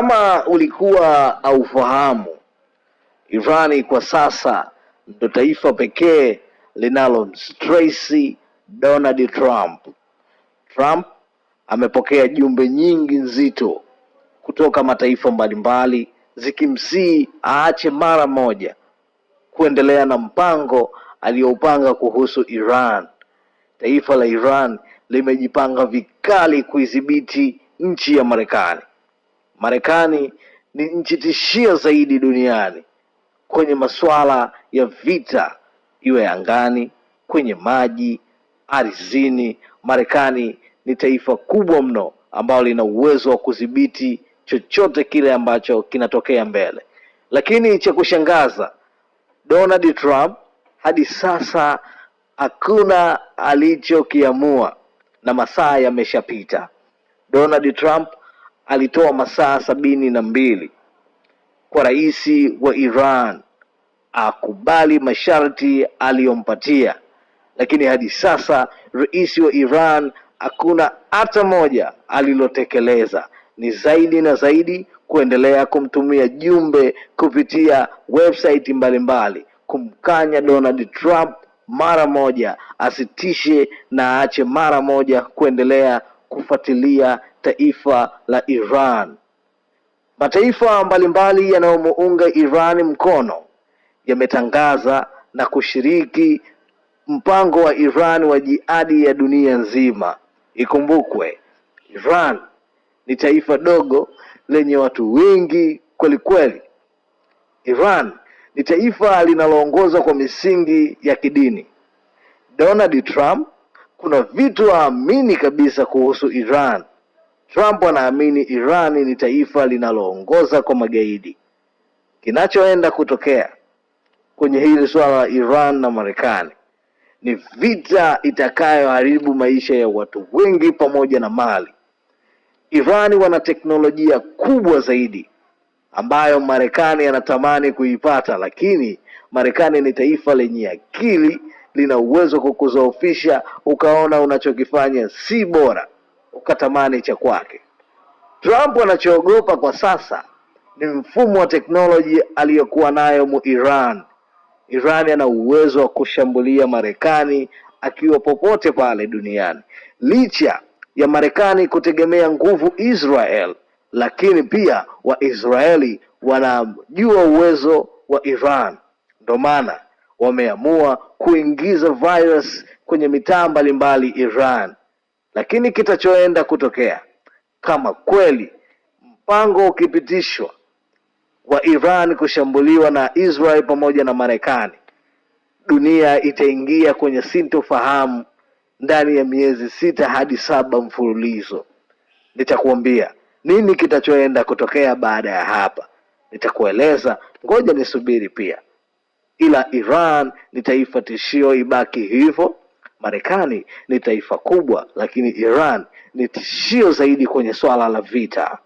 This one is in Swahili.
Kama ulikuwa haufahamu, Irani kwa sasa ndo taifa pekee linalomstresi Donald Trump. Trump amepokea jumbe nyingi nzito kutoka mataifa mbalimbali zikimsii aache mara moja kuendelea na mpango aliyopanga kuhusu Iran. Taifa la Iran limejipanga vikali kuidhibiti nchi ya Marekani. Marekani ni nchi tishia zaidi duniani kwenye masuala ya vita, iwe angani, kwenye maji, ardhini. Marekani ni taifa kubwa mno ambalo lina uwezo wa kudhibiti chochote kile ambacho kinatokea mbele. Lakini cha kushangaza, Donald Trump hadi sasa hakuna alichokiamua na masaa yameshapita. Donald Trump alitoa masaa sabini na mbili kwa rais wa Iran akubali masharti aliyompatia, lakini hadi sasa rais wa Iran hakuna hata moja alilotekeleza. Ni zaidi na zaidi kuendelea kumtumia jumbe kupitia website mbalimbali kumkanya Donald Trump mara moja asitishe na aache mara moja kuendelea kulifuatilia taifa la Iran. Mataifa mbalimbali yanayomuunga Iran mkono yametangaza na kushiriki mpango wa Iran wa jihadi ya dunia nzima. Ikumbukwe, Iran ni taifa dogo lenye watu wengi kweli kweli. Iran ni taifa linaloongozwa kwa misingi ya kidini. Donald Trump kuna vitu haamini kabisa kuhusu Iran. Trump anaamini Iran ni taifa linaloongoza kwa magaidi. Kinachoenda kutokea kwenye hili suala la Iran na Marekani ni vita itakayoharibu maisha ya watu wengi pamoja na mali. iran wana teknolojia kubwa zaidi ambayo Marekani anatamani kuipata, lakini Marekani ni taifa lenye akili lina uwezo wa kukuzoofisha, ukaona unachokifanya si bora, ukatamani cha kwake. Trump anachoogopa kwa sasa ni mfumo wa teknoloji aliyokuwa nayo mu Iran. Iran ana uwezo wa kushambulia Marekani akiwa popote pale duniani, licha ya Marekani kutegemea nguvu Israel, lakini pia Waisraeli wanajua uwezo wa Iran, ndo maana wameamua kuingiza virus kwenye mitaa mbalimbali Iran, lakini kitachoenda kutokea kama kweli mpango ukipitishwa wa Iran kushambuliwa na Israel pamoja na Marekani, dunia itaingia kwenye sintofahamu ndani ya miezi sita hadi saba mfululizo. Nitakuambia nini kitachoenda kutokea baada ya hapa, nitakueleza. Ngoja nisubiri pia ila Iran ni taifa tishio, ibaki hivyo. Marekani ni taifa kubwa, lakini Iran ni tishio zaidi kwenye swala la vita.